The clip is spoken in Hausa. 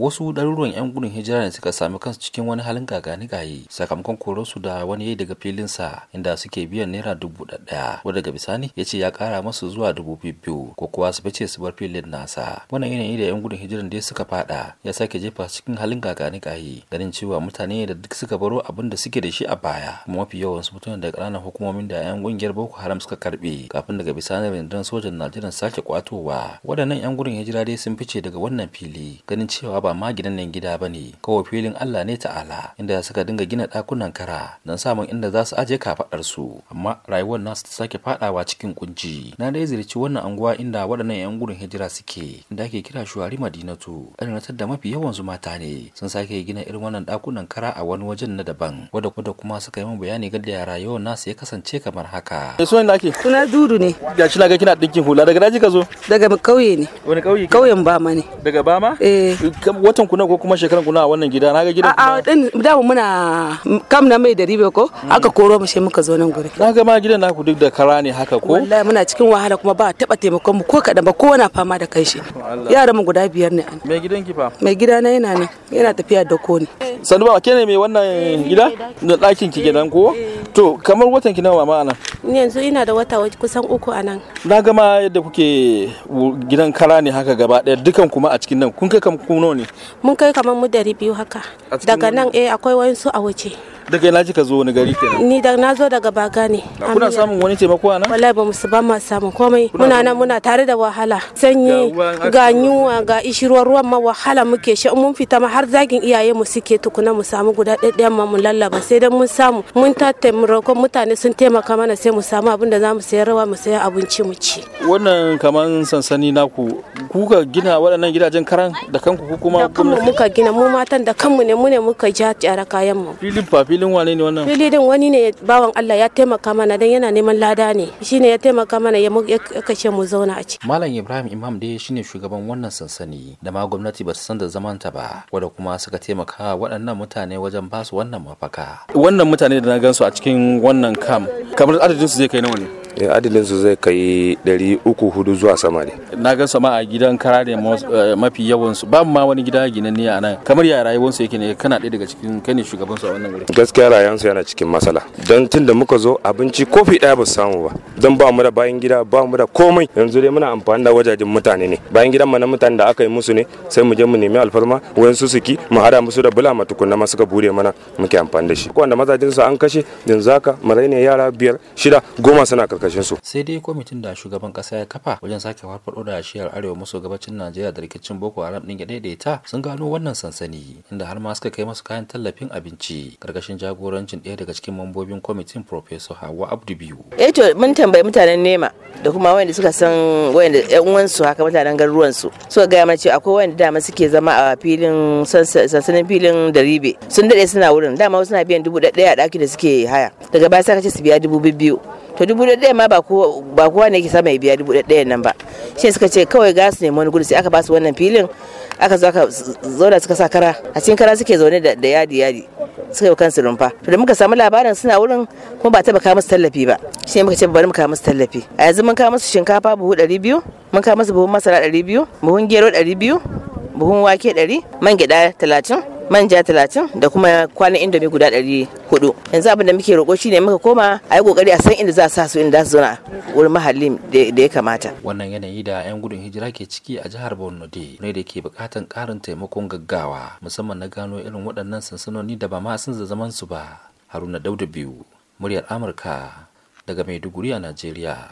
wasu ɗaruruwan 'yan gudun hijira ne suka sami kansu cikin wani halin gaye sakamakon su da wani yayi daga filin sa, inda suke biyan naira dubu ɗaya wanda daga bisani ya ce ya ƙara masu zuwa dubu biyu ko kuwa su bace su bar filin nasa wannan yanayi da 'yan gudun hijiran da suka faɗa, ya sake jefa cikin halin gaye ganin cewa mutane da duk suka baro abin da suke da shi a baya kuma mafi yawan su mutane da ƙananan hukumomin da 'yan ƙungiyar boko haram suka karɓe kafin daga bisani rundunar sojan najeriya sake kwatowa waɗannan 'yan gudun hijira dai sun fice daga wannan fili ganin cewa ba ba ma gidan nan gida ba ne kawai filin Allah ne ta'ala inda suka dinga gina ɗakunan kara don samun inda za su aje kafaɗarsu amma rayuwar nasu ta sake faɗawa cikin kunji. na dai zirci wannan anguwa inda waɗannan 'yan gudun hijira suke inda ake kira shuwari madinatu ɗan da mafi yawan su mata ne sun sake gina irin wannan ɗakunan kara a wani wajen na daban wadda kuma kuma suka yi min bayani ga yara rayuwar nasu ya kasance kamar haka. Eh, sunan da ake? suna dudu ne. ga shi na ga kina dinkin hula daga daji ka zo? daga kauye ne. wani kauye? kauyen bama ne. daga bama? eh. watan kuna ko kuma shekaran kuna a wannan gida na ga gidan a din da muna kam na mai da ribe ko mm. aka koro mu sai muka zo nan guri na ga ma gidan naku duk da kara ne haka ko wallahi muna cikin wahala kuma ba taba taimakon mu ko kada ba ko wani fama da kai shi yaran mu guda biyar ne mai gidan ki fa mai gida na yana ne yana tafiya da ko ne sandu ke ne mai wannan gida eh, da ɗakin ki gidan ko eh. to kamar watan ki nawa ma anan ne yanzu ina da wata kusan uku a nan na gama yadda kuke gidan kara ne haka gaba daya dukan kuma a cikin nan kun kai kamar kuno ne mun kai kamar mu dari biyu haka daga nan eh akwai wayansu a waje daga ina kika zo wani gari kenan ni da na zo daga baga ne kuna samun wani taimako a nan wallahi ba musu ba ma samu komai muna nan muna tare da wahala sanyi ga yunwa ga ishiruwar ruwan ma wahala muke shi mun fita ma har zagin iyaye mu suke tukuna mu samu guda ɗaɗɗayan ma mu lallaba sai dan mun samu mun ta taimakon mutane sun taimaka mana sai mu samu abin da za mu sayar rawa mu saya abinci mu ci wannan kaman sansani naku kuka gina waɗannan gidajen karan da kanku ku kuma da kanmu muka gina mu matan da kanmu ne mu ne muka ja kayan mu filin filin wane ne wannan fili wani ne bawan Allah ya taimaka mana dan yana neman lada ne shine ya taimaka mana ya kashe mu zauna a ciki malam Ibrahim Imam dai shine shugaban wannan sansani da ma gwamnati ba su san da zaman ta ba wanda kuma suka taimaka waɗannan mutane wajen ba su wannan mafaka wannan mutane da na gan su a cikin wannan kam kamar adadin su zai kai nawa ne Eh, adilin su zai kai 300 uku zuwa sama ne na ga sama a gidan kara ne eh, mafi yawan su babu ma wani gida ginin ne a nan kamar ya rayuwar su yake ne kana ɗaya daga cikin kai shugaban su a wannan wuri gaskiya rayuwar su yana cikin masala. don tun da muka zo abinci kofi ɗaya ba samu ba don ba mu da bayan gida ba mu da komai yanzu dai muna amfani da wajajen mutane ne bayan gidan mu na mutane da aka yi musu ne sai mu je mu nemi alfarma wayan su suki mu hada musu da bulama tukunna ma suka bude mana muke amfani da shi wanda mazajin su an kashe yanzu haka mu yara biyar shida goma suna karkashin sai dai kwamitin da shugaban kasa ya kafa wajen sake farfado da shiyar arewa maso gabacin Najeriya da rikicin Boko Haram din ya daidaita sun gano wannan sansani inda har ma suka kai masu kayan tallafin abinci karkashin jagorancin ɗaya daga cikin mambobin kwamitin Professor Hawa Abdu biyu eh to mun tambayi mutanen Nema da kuma wanda suka san wanda yan uwansu haka mutanen garuruwan su suka gaya mana cewa akwai wanda dama suke zama a filin sansanin filin da ribe sun dade suna wurin dama suna biyan dubu ɗaya a ɗaki da suke haya daga baya sai ka ce su biya dubu biyu to dubu ɗaya ma ba kowa ne ke sa ya biya dubu ɗaya nan ba shi suka ce kawai ga su nemi wani gudu sai aka ba su wannan filin aka zo aka zauna suka sa kara a cikin kara suke zaune da yadi yadi suka yi kansu rumfa to da muka samu labarin suna wurin kuma ba taba kawo musu tallafi ba shi muka ce bari mu kawo musu tallafi a yanzu mun kawo musu shinkafa buhu ɗari biyu, mun kawo musu buhun masara ɗari biyu, buhun gero biyu, buhun wake ɗari, man gyaɗa talatin. manja talatin da kuma kwanan indomi guda ɗari hudu yanzu abin da muke roƙo shine muka koma a yi ƙoƙari a san inda za sa su inda za su zauna wurin mahalli da ya kamata wannan yanayi da 'yan gudun hijira ke ciki a jihar borno de ne da ke bukatan karin taimakon gaggawa musamman na gano irin waɗannan sansanoni da ba ma sun zaman su ba haruna dauda biyu muryar amurka daga maiduguri a najeriya